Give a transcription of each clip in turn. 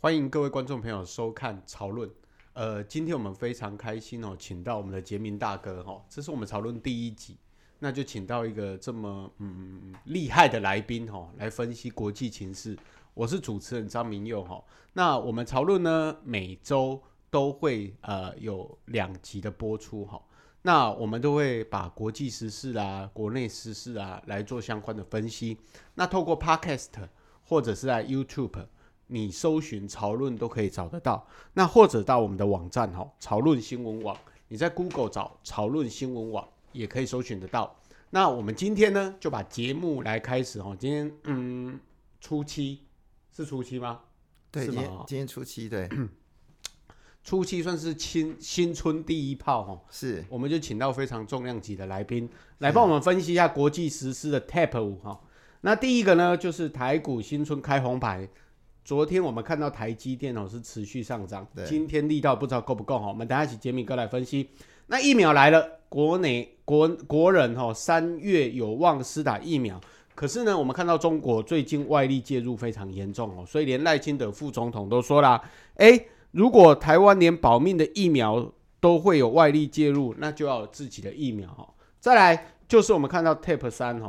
歡迎各位觀眾朋友收看《潮論》。呃，今天我們非常開心哦，請到我們的傑明大哥哈、哦，這是我們《潮論》第一集，那就請到一個這麼嗯厲害的來賓哈、哦，來分析國際情勢。我是主持人張明佑、哦、那我們《潮論》呢，每週都會呃有兩集的播出、哦、那我們都會把國際時事啊、國內時事啊來做相關的分析。那透過 Podcast 或者是在 YouTube。你搜尋潮論都可以找得到，那或者到我們的網站哈、喔，潮論新聞網，你在 Google 找潮論新聞網也可以搜尋得到。那我們今天呢就把節目來開始哈、喔，今天嗯初七是初七嗎？對，今天今天初七對， 初七算是新新春第一炮哈、喔，是，我們就請到非常重量級的來賓來幫我們分析一下國際時事的 TOP 五，、喔、哈，那第一個呢就是台股新春開紅盤。昨天我們看到台積電是持續上漲，對，今天力道不知道夠不夠哈，我們等下一起揭秘哥來分析。那疫苗來了，國內國國人哈三月有望施打疫苗，可是呢，我們看到中國最近外力介入非常嚴重哦，所以連賴清德副總統都說啦：誒「如果台灣連保命的疫苗都會有外力介入，那就要有自己的疫苗。再來就是我們看到 TOP 3。三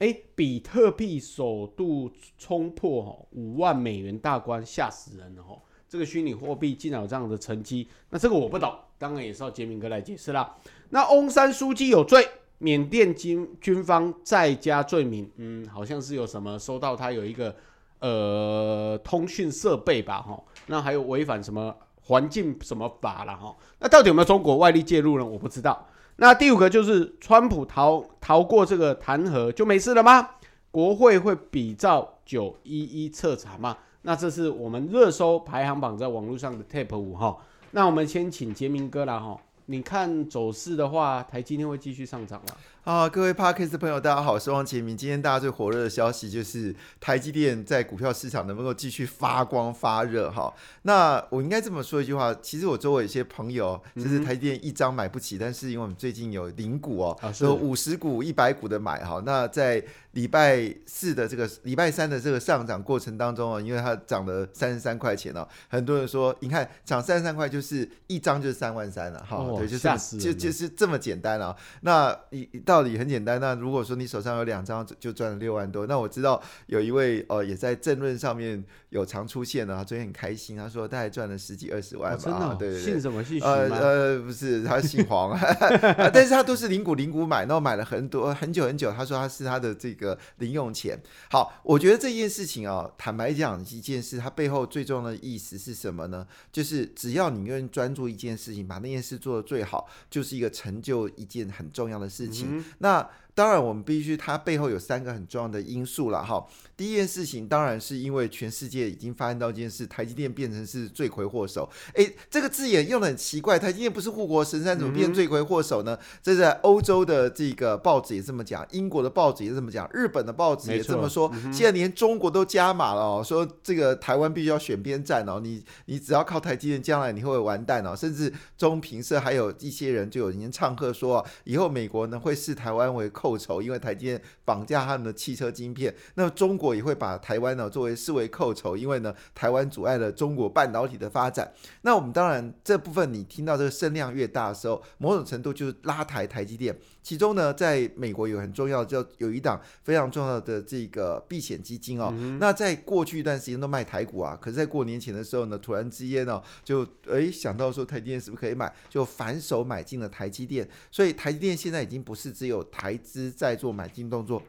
哎，比特幣首度衝破吼、哦、五萬美元大關，嚇死人了吼、哦！這個虛擬貨幣竟然有這樣的成績，那這個我不懂，當然也是要傑明哥來解釋啦。那翁山蘇姬有罪，緬甸軍軍方再加罪名，嗯，好像是有什麼收到他有一個呃通訊設備吧吼、哦，那還有違反什麼環境什麼法了吼、哦，那到底有沒有中國外力介入呢？我不知道。那第五個就是，川普逃逃過這個彈劾就沒事了嗎？國會會比照九一一徹查嗎？那這是我們熱搜排行榜在網絡上的 TOP 五哈、哦。那我們先請杰明哥啦吼、哦。你看走勢的話，台積電會繼續上漲嗎？哦、各位 Podcast 朋友，大家好，我是王傑明。今天大家最火熱的消息就是台積電在股票市場能不能夠繼續發光發熱？哈，那我應該這麼說一句話，其實我周圍有些朋友，就是台積電一張買不起、嗯，但是因為我們最近有零股哦，啊、有五十股、一百股的買哈。那在禮拜四的這個禮拜三的這個上漲過程當中啊，因為它漲了三十三塊錢哦，很多人說，你看漲三十三塊就是一張就是三萬三了哈，對，就是就就是這麼簡單了、啊。那一。道理很簡單。那如果說你手上有兩張，就賺了六萬多。那我知道有一位呃也在政論上面有常出現的，他、啊、昨天很開心，他說大概賺了十幾二十萬吧。哦哦啊、對，對對。姓什麼姓？呃呃，不是，他姓黃 但是他都是零股零股買，那我買了很多很久很久。他說他是他的這個零用錢。好，我覺得這件事情啊，坦白講一件事，它背後最重要的意思是什麼呢？就是只要你願意專注一件事情，把那件事做得最好，就是一個成就一件很重要的事情。嗯那。當然，我們必須，它背後有三個很重要的因素了哈。第一件事情，當然是因為全世界已經發生到一件事，台積電變成是罪魁禍首。哎，這個字眼用的很奇怪，台積電不是護國神山，怎麼變罪魁禍首呢？這在歐洲的這個報紙也這麼講，英國的報紙也這麼講，日本的報紙也這麼說。現在連中國都加碼了，喔，說這個台灣必須要選邊站哦，喔，你你只要靠台積電，將來你會完蛋哦，喔。甚至中評社還有一些人就有人唱和說，以後美國呢會視台灣為。寇仇，因為台積電綁架他們的汽車晶片，那中國也會把台灣呢、哦、作為視為寇仇，因為呢台灣阻礙了中國半導體的發展。那我們當然這部分你聽到這個聲量越大的時候，某種程度就是拉抬台,台積電。其中呢，在美國有很重要叫有一檔非常重要的這個避險基金哦、嗯，那在過去一段時間都賣台股啊，可是，在過年前的時候呢，突然之間哦，就誒想到說台積電是不是可以買，就反手買進了台積電。所以台積電現在已經不是只有台。在做買進動作。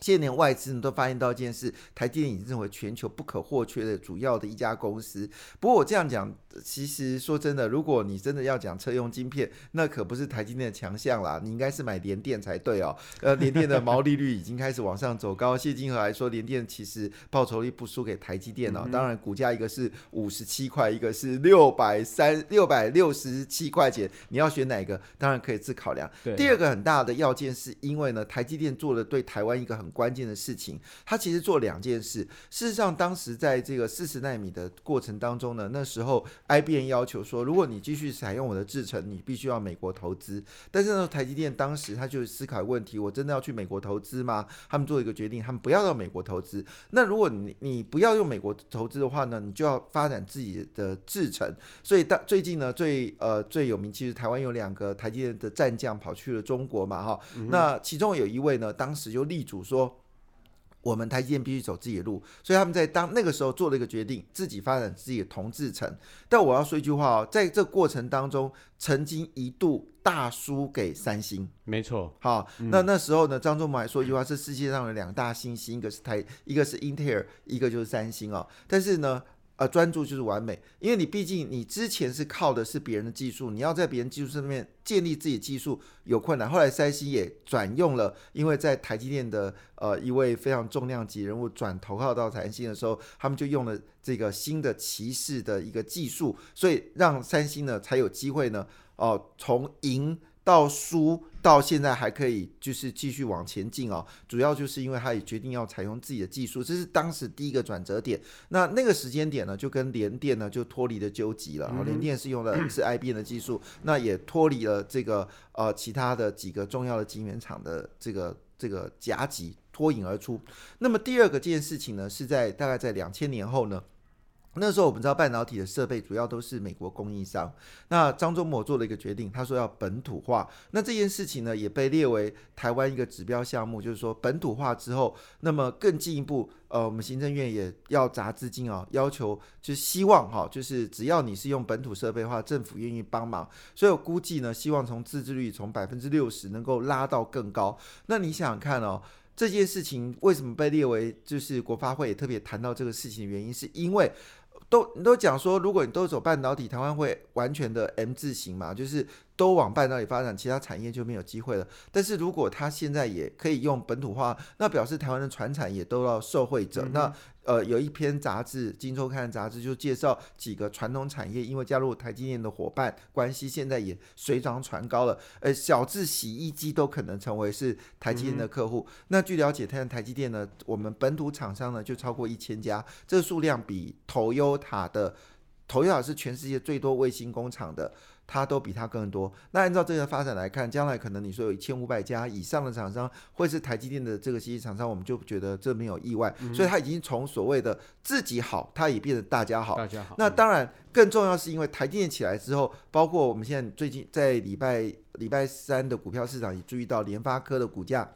這些年外資你都發現到一件事，台積電已經成為全球不可或缺的主要的一家公司。不過我這樣講，其實說真的，如果你真的要講車用晶片，那可不是台積電的強項啦，你應該是買聯電才對哦、喔。呃，聯電的毛利率已經開始往上走高。 謝金河還說，聯電其實報酬率不輸給台積電哦、喔嗯。當然，股價一個是五十七塊，一個是六百三六百六十七塊錢，你要選哪個？當然可以自考量。對。第二個很大的要件是因為呢，台積電做了對台灣一個很。關鍵的事情，他其實做兩件事。事實上，當時在這個四十納米的過程當中呢，那時候 IBM 要求說，如果你繼續採用我的制程，你必須要美國投資。但是那時候台積電當時他就思考問題：我真的要去美國投資嗎？他們做一個決定，他們不要到美國投資。那如果你你不要用美國投資的話呢，你就要發展自己的制程。所以，當最近呢，最呃最有名，其實台灣有兩個台積電的戰將跑去了中國嘛，哈、嗯。那其中有一位呢，當時就力主說。我們台積電必須走自己的路，所以他們在當那個時候做了一個決定，自己發展自己的銅製程。但我要說一句話哦，在這過程當中，曾經一度大輸給三星。沒錯，好、嗯，那那時候呢，張忠謀還說一句話：是世界上的兩大星星，一個是台，一個是英特爾，一個就是三星哦、喔，但是呢。呃，專注就是完美，因為你畢竟你之前是靠的是別人的技術，你要在別人技術上面建立自己的技術有困難。後來三星也轉用了，因為在台積電的呃一位非常重量級人物轉投靠到三星的時候，他們就用了這個新的騎士的一個技術，所以讓三星呢才有機會呢，哦、呃，從贏。到輸到現在還可以，就是繼續往前進啊、哦。主要就是因為他也決定要採用自己的技術，這是當時第一個轉折點。那那個時間點呢，就跟聯電呢就脫離了糾集了。然後聯電是用的是 IBM 的技術，嗯、那也脫離了這個呃其他的幾個重要的晶圓廠的這個這個夾擊，脫穎而出。那麼第二個這件事情呢，是在大概在兩千年後呢。那時候我們知道半導體的設備主要都是美國供應商。那張忠謀做了一個決定，他說要本土化。那這件事情呢也被列為台灣一個指標項目，就是說本土化之後，那麼更進一步，呃，我們行政院也要砸資金啊、哦，要求就是、希望哈、哦，就是只要你是用本土設備的話，政府願意幫忙。所以我估計呢，希望從自製率從百分之六十能夠拉到更高。那你想想看哦，這件事情為什麼被列為就是國發會也特別談到這個事情的原因，是因為。都你都講說，如果你都走半導體，台灣會完全的 M 字型嘛？就是都往半導體發展，其他產業就沒有機會了。但是如果它現在也可以用本土化，那表示台灣的傳產也都要受惠者、嗯、那。呃，有一篇雜誌《今周刊》雜誌就介紹幾個傳統產業，因為加入台積電的夥伴關係，現在也水漲船高了。呃，小至洗衣機都可能成為是台積電的客戶。嗯嗯。那據了解台台積電呢，我們本土廠商呢就超過一千家，這個數量比 Toyota 的，Toyota 是全世界最多衛星工廠的。它都比它更多。那按照這個發展來看，將來可能你說有一千五百家以上的廠商或是台積電的這個機器廠商，我們就覺得這沒有意外。嗯、所以它已經從所謂的自己好，它也變得大，大家好。那當然，更重要是因為台積電起來之後，包括我們現在最近在禮拜禮拜三的股票市場也注意到，聯發科的股價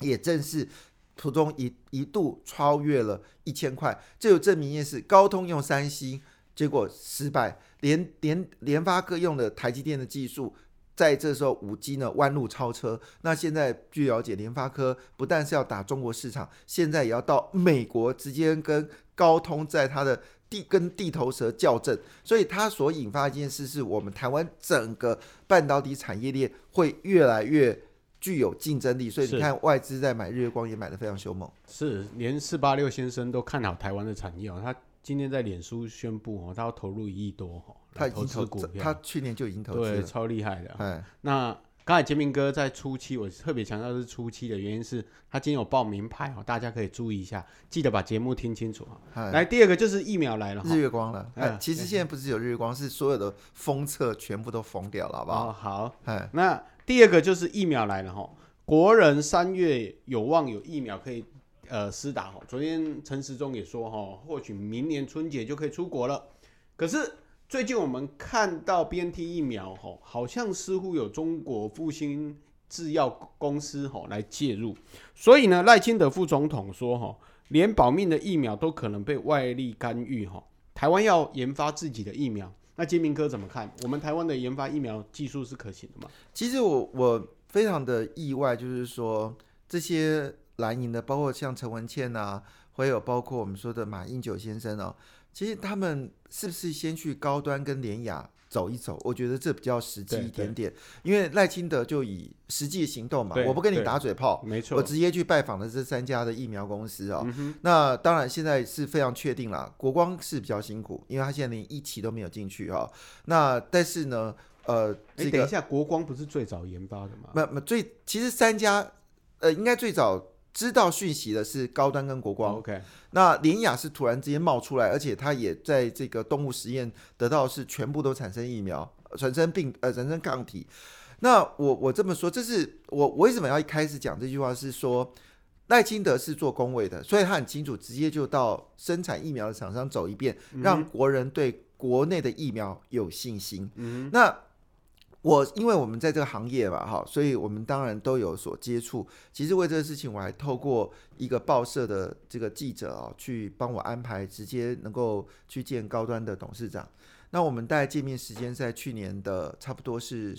也正是途中一一度超越了一千塊，這有證明也是高通用三星，結果失敗，聯聯聯發科用的台積電的技術，在這時候五 G 呢彎路超車。那現在據了解，聯發科不但是要打中國市場，現在也要到美國直接跟高通在他的地跟地頭蛇較勁。所以它所引發的一件事是，我們台灣整個半導體產業鏈會越來越具有競爭力。所以你看外資在買日月光也買得非常凶猛，是連四八六先生都看好台灣的產業哦。他。今天在臉書宣布哦，他要投入一億多，哦、他已經投，投股票，他去年就已經投資了，對，超厲害的。那剛才傑明哥在初期，我特別強調是初期的原因是他今天有報名牌，大家可以注意一下，記得把節目聽清楚啊。來，第二個就是疫苗來了，哦，日月光了。哎，其實現在不是有日月光，是所有的封測全部都封掉了，好不好？哦，好，那第二個就是疫苗來了哈，哦，國人三月有望有疫苗可以。呃，施打哈，昨天陳時中也說哈，或許明年春節就可以出國了。可是最近我們看到 BNT 疫苗哈，好像似乎有中國復星製藥公司哈來介入。所以呢，賴清德副總統說哈，連保命的疫苗都可能被外力干預哈。台灣要研發自己的疫苗，那金明科怎麼看？我們台灣的研發疫苗技術是可行的嗎？其實我我非常的意外，就是說這些。藍營的，包括像陳文茜吶、啊，還有包括我們說的馬英九先生哦，其實他們是不是先去高端跟聯亞走一走？我覺得這比較實際一點點。對對，因為賴清德就以實際行動嘛，我不跟你打嘴炮，沒錯，我直接去拜訪了這三家的疫苗公司哦。嗯、那當然現在是非常確定了，國光是比較辛苦，因為他現在連一期都沒有進去啊、哦。那但是呢，呃，你、這個、等一下，國光不是最早研發的嗎？沒沒最，其實三家呃應該最早。知道訊息的是高端跟國光，OK，那聯亞是突然之間冒出來，而且他也在這個動物實驗得到是全部都產生疫苗，產生病呃產生抗體。那我我這麼說，這是我,我為什麼要一開始講這句話是說，賴清德是做公衛的，所以他很清楚，直接就到生產疫苗的廠商走一遍，讓國人對國內的疫苗有信心。嗯、mm -hmm.，那。我因為我們在這個行業吧，哈，所以我們當然都有所接觸。其實為這個事情，我還透過一個報社的這個記者啊、哦，去幫我安排直接能夠去見高端的董事長。那我們大概見面時間在去年的差不多是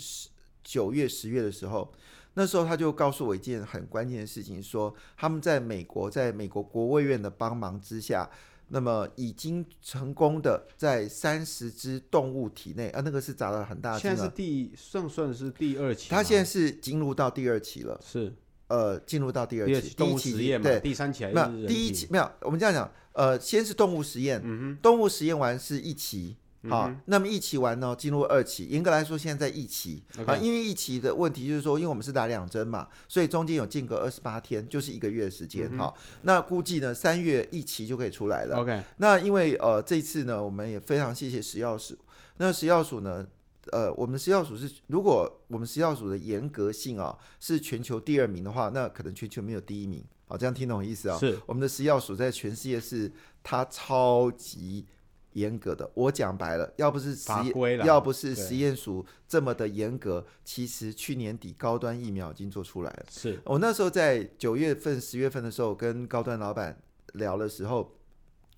九月、十月的時候，那時候他就告訴我一件很關鍵的事情，說他們在美國，在美國國務院的幫忙之下，那麼已經成功的在三十隻動物體內啊，那個是砸了很大錢。現在是第算算是第二期，它現在是進入到第二期了。是，呃，進入到第二期。第二期動物實驗，對，第三期還是人。第一期沒有，我們這樣講，呃，先是動物實驗，嗯，動物實驗完是一期。好、嗯，那麼一期完呢，進入二期。嚴格來說，現在在一期啊、okay.，因為一期的問題就是說，因為我們是打兩針嘛，所以中間有間隔二十八天，就是一個月的時間、嗯。好，那估計呢，三月一期就可以出來了。OK，那因為呃，這次呢，我們也非常謝謝食藥署。那食藥署呢，呃，我們食藥署是，如果我們食藥署的嚴格性啊，是全球第二名的話，那可能全球沒有第一名。好，這樣聽懂我意思啊、哦？是，我們的食藥署在全世界是它超級。嚴格的，我講白了，要不是實要不是實驗署這麼的嚴格，其實去年底高端疫苗已經做出來了。是我那時候在九月份、十月份的時候跟高端老板聊的時候，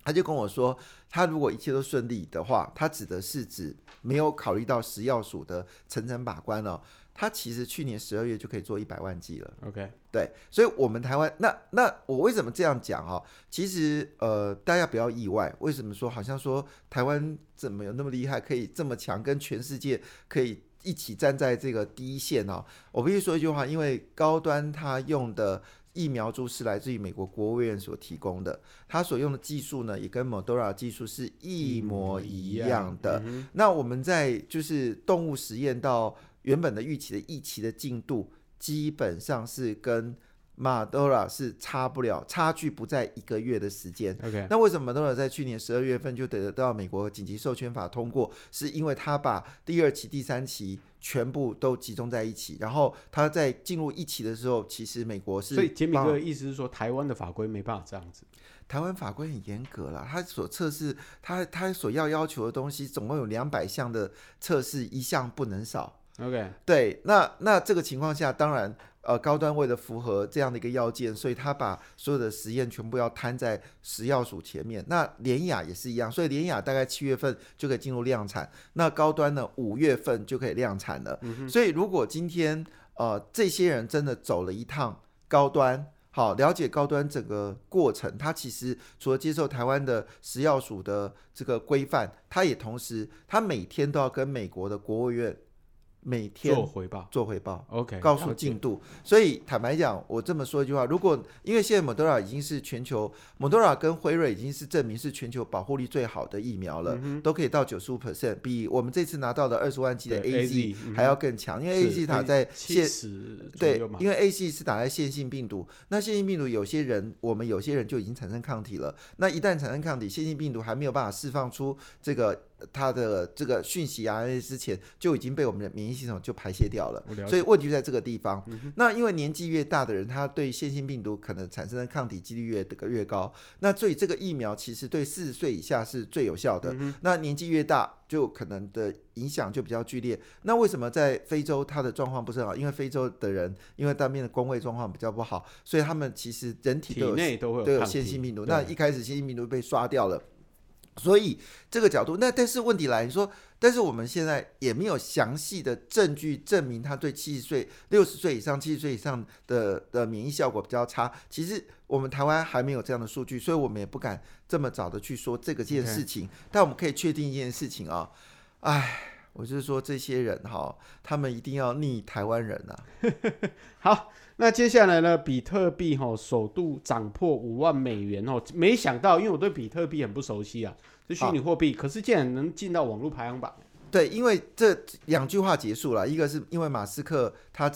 他就跟我說，他如果一切都順利的話，他指的是指沒有考慮到食藥署的層層把關了、哦。它其實去年十二月就可以做一百萬劑了。OK，對，所以，我們台灣那那我為什麼這樣講哦？其實呃，大家不要意外，為什麼說好像說台灣怎麼有那麼厲害，可以這麼強，跟全世界可以一起站在這個第一線呢、哦？我必須說一句話，因為高端它用的疫苗株是來自於美國國務院所提供的，它所用的技術呢，也跟 Moderna 技術是一模一樣的。Mm -hmm. yeah. mm -hmm. 那我們在就是動物實驗到。原本的預期的一期的進度基本上是跟莫德納是差不了，差距不在一個月的時間。OK，那為什麼莫德納在去年十二月份就得到美國緊急授權法通過？是因為他把第二期、第三期全部都集中在一起，然後他在進入一期的時候，其實美國是。所以杰米哥的意思是說，台灣的法規沒辦法這樣子。台灣法規很嚴格啦，他所測試他他所要要求的東西，總共有兩百項的測試，一項不能少。OK，對，那那這個情況下，當然，呃，高端為了符合這樣的一個要件，所以他把所有的實驗全部要攤在食藥署前面。那聯亞也是一樣，所以聯亞大概七月份就可以進入量產，那高端呢，五月份就可以量產了，嗯。所以如果今天，呃，這些人真的走了一趟高端，好，了解高端整個過程，他其實除了接受台灣的食藥署的這個規範，他也同時，他每天都要跟美國的國務院。每天做回報，做回報，OK，告訴進度，okay。所以坦白講，我這麼說一句話，如果因為現在莫德 a 已經是全球，莫德 a 跟輝瑞已經是證明是全球保護力最好的疫苗了，嗯、都可以到九十五 percent，比我們這次拿到20的二十萬劑的 A g 還要更強。嗯、因為 A g 它在現對，因為 A g 是打在線性病毒，那線性病毒有些人，我們有些人就已經產生抗體了。那一旦產生抗體，線性病毒還沒有辦法釋放出這個。它的這個訊息啊，之前就已經被我們的免疫系統就排泄掉了，所以問題就在這個地方、嗯。那因為年紀越大的人，他對於腺病毒可能產生的抗體幾率越的越高。那所以這個疫苗其實對四十歲以下是最有效的。嗯、那年紀越大，就可能的影響就比較劇烈。那為什麼在非洲它的狀況不是很好？因為非洲的人因為當面的公衛狀況比較不好，所以他們其實人體，都有體內都有，體都有腺病毒。那一開始腺病毒被刷掉了。所以這個角度，那但是問題來，你說，但是我們現在也沒有詳細的證據證明他對七十歲、六十歲以上、七十歲以上的的免疫效果比較差。其實我們台灣還沒有這樣的數據，所以我們也不敢這麼早的去說這個件事情。Okay. 但我們可以確定一件事情啊、哦，哎，我就是說這些人哈、哦，他們一定要逆台灣人吶、啊。 好。那接下來呢，比特幣吼、哦、首度漲破五萬美元哦，沒想到，因為我對比特幣很不熟悉啊，這虛擬貨幣，啊、可是竟然能進到網絡排行榜。對，因為這兩句話結束了，一個是因為馬斯克他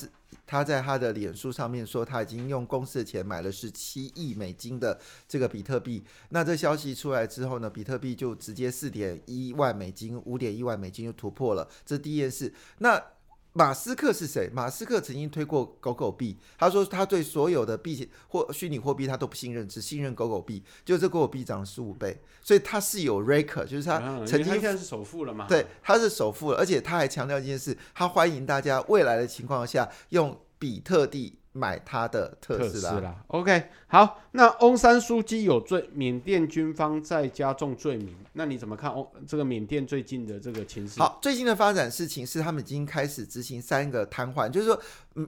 他在他的臉書上面說他已經用公司的錢買了十七億美金的這個比特幣，那這消息出來之後呢，比特幣就直接四點一萬美金、五點一萬美金就突破了，這第一件事。那馬斯克是誰？馬斯克曾經推過狗狗幣，他說他對所有的幣或虛擬貨幣他都不信任，只信任狗狗幣。就這狗狗幣漲了十五倍，所以他是有 Raker，就是他曾經現在、啊、是首富了嘛？對，他是首富了，而且他還強調一件事：他歡迎大家未來的情況下用比特幣買他的特斯拉。特斯拉 OK，好。那翁山蘇姬有罪，緬甸軍方在加重罪名。那你怎麼看？哦，這個緬甸最近的這個情勢？好，最近的發展事情是，他們已經開始執行三個癱瘓，就是說，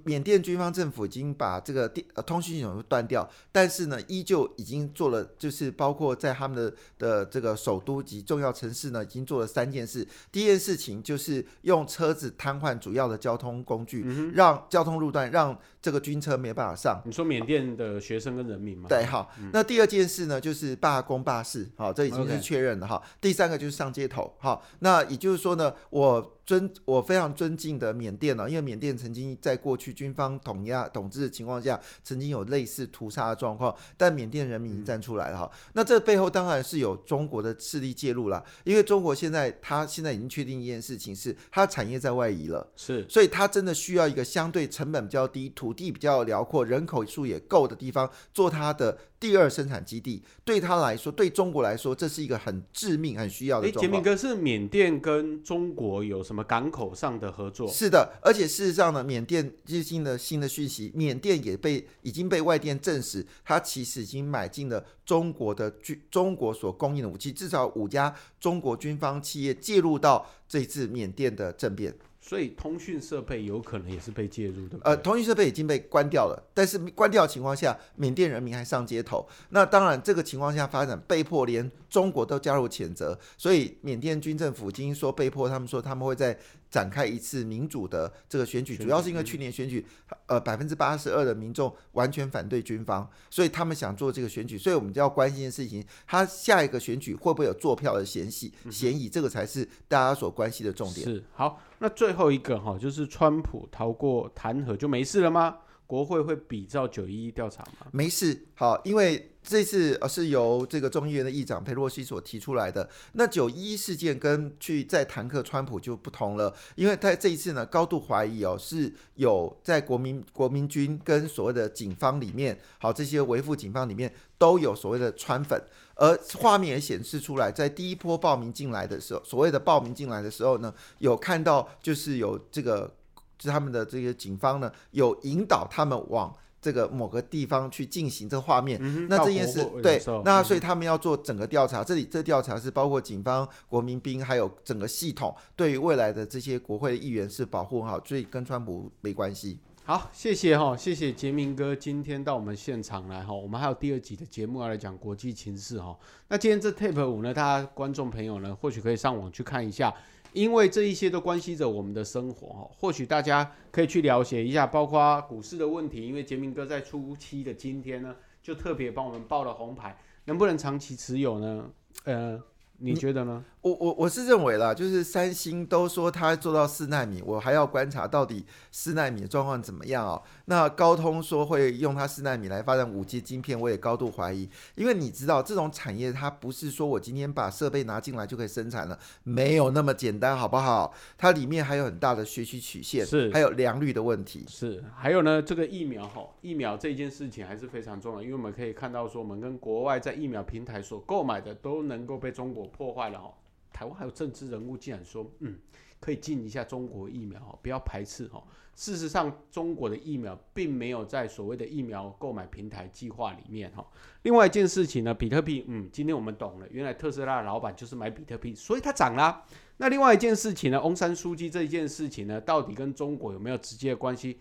緬甸軍方政府已經把這個電、呃、通訊系統斷掉，但是呢，依舊已經做了，就是包括在他們的的這個首都及重要城市呢，已經做了三件事。第一件事情就是用車子癱瘓主要的交通工具、嗯，讓交通路段讓這個軍車沒辦法上。你說緬甸的學生跟人民嗎？啊、對。還、嗯、好，那第二件事呢，就是罷工罷市，好、哦，這已經是確認了。哈、okay。第三個就是上街頭，好、哦，那也就是說呢，我。尊，我非常尊敬的緬甸呢、哦，因為緬甸曾經在過去軍方統壓統治的情況下，曾經有類似屠殺的狀況，但緬甸人民已經站出來了哈、嗯。那這背後當然是有中國的勢力介入啦，因為中國現在它現在已經確定一件事情是，是它產業在外移了，是，所以它真的需要一個相對成本比較低、土地比較遼闊、人口數也夠的地方做它的。第二生產基地對他來說，對中國來說，這是一個很致命、很需要的。哎，杰明哥，是緬甸跟中國有什麼港口上的合作？是的，而且事實上呢，緬甸最近的新的訊息，緬甸也被已經被外電證實，他其實已經買進了中國的軍中國所供應的武器，至少五家中國軍方企業介入到這次緬甸的政變。所以通訊設備有可能也是被介入的。呃，通訊設備已經被關掉了，但是關掉的情況下，緬甸人民還上街頭。那當然，這個情況下發展被迫，連中國都加入譴責。所以緬甸軍政府已經說被迫，他們說他們會在。展開一次民主的這個選舉，主要是因為去年選舉，呃，百分之八十二的民眾完全反對軍方，所以他們想做這個選舉。所以我們就要關心的事情，他下一個選舉會不會有做票的嫌隙，嗯、嫌疑？這個才是大家所關心的重點是。是好，那最後一個哈，就是川普逃過彈劾就沒事了嗎？國會會比照九一一調查嗎？沒事，好，因為這次是由這個眾議院的議長佩洛西所提出來的。那九一一事件跟去在彈劾川普就不同了，因為他這一次呢，高度懷疑哦，是有在國民國民軍跟所謂的警方裡面，好，這些維護警方裡面都有所謂的川粉，而畫面也顯示出來，在第一波報名進來的時候，所謂的報名進來的時候呢，有看到就是有這個。就他們的這些警方呢，有引導他們往這個某個地方去進行，這畫面、嗯。那這件事對、嗯，那所以他們要做整個調查、嗯。這裡這調查是包括警方、國民兵還有整個系統，對於未來的這些國會議員是保護好，所以跟川普沒關係。好，謝謝哈、哦，謝謝傑明哥今天到我們現場來哈、哦。我們還有第二集的節目要來講國際情勢哈、哦。那今天這 TOP 5呢，大家觀眾朋友呢，或許可以上網去看一下。因為這一些都關係着我們的生活哈，或許大家可以去了解一下，包括股市的問題。因為傑明哥在初期的今天呢，就特別幫我們報了紅牌，能不能長期持有呢？呃，你覺得呢？嗯我我我是認為啦，就是三星都說它做到四奈米，我還要觀察到底四奈米的狀況怎麼樣哦、喔。那高通說會用它四奈米來發展五 G 晶片，我也高度懷疑，因為你知道這種產業它不是說我今天把設備拿進來就可以生產了，沒有那麼簡單，好不好？它裡面還有很大的學習曲線，是還有良率的問題，是還有呢。這個疫苗哈，疫苗這件事情還是非常重要，因為我們可以看到說我們跟國外在疫苗平台所購買的都能夠被中國破壞了哦。台灣還有政治人物竟然說，嗯，可以進一下中國疫苗，不要排斥，事實上，中國的疫苗並沒有在所謂的疫苗購買平台計劃裡面哈。另外一件事情呢，比特幣，嗯，今天我們懂了，原來特斯拉的老闆就是買比特幣，所以它漲啦。那另外一件事情呢，翁山蘇姬這一件事情呢，到底跟中國有沒有直接的關係？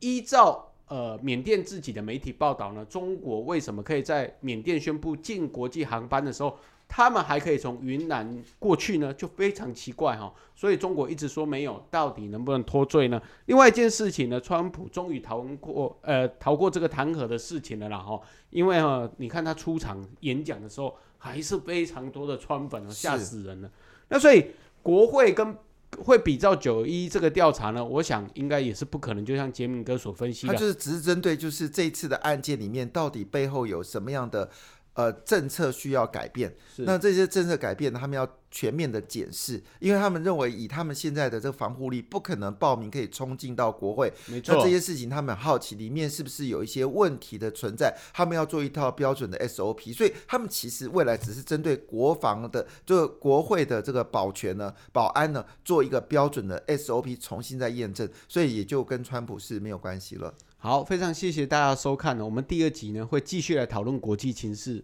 依照呃緬甸自己的媒體報道呢，中國為什麼可以在緬甸宣布禁國際航班的時候，他們還可以從雲南過去呢，就非常奇怪哈、哦。所以中國一直說沒有，到底能不能脫罪呢？另外一件事情呢，川普終於逃過呃逃過這個彈劾的事情了、哦、因為哈、哦，你看他出場演講的時候，還是非常多的川粉啊，嚇死人了。那所以國會跟會比照911這個調查呢，我想應該也是不可能，就像傑明哥所分析的，他就是只是針對就是這次的案件裡面到底背後有什麼樣的。呃，政策需要改變，那這些政策改變，他們要全面的檢視，因為他們認為以他們現在的這個防護力，不可能報名可以衝進到國會。沒錯。那這些事情他們好奇裡面是不是有一些問題的存在，他們要做一套標準的 SOP，所以他們其實未來只是針對國防的這個國會的這個保全呢、保安呢，做一個標準的 SOP 重新再驗證，所以也就跟川普是沒有關係了。好，非常謝謝大家收看。我們第二集呢，會繼續來討論國際情勢。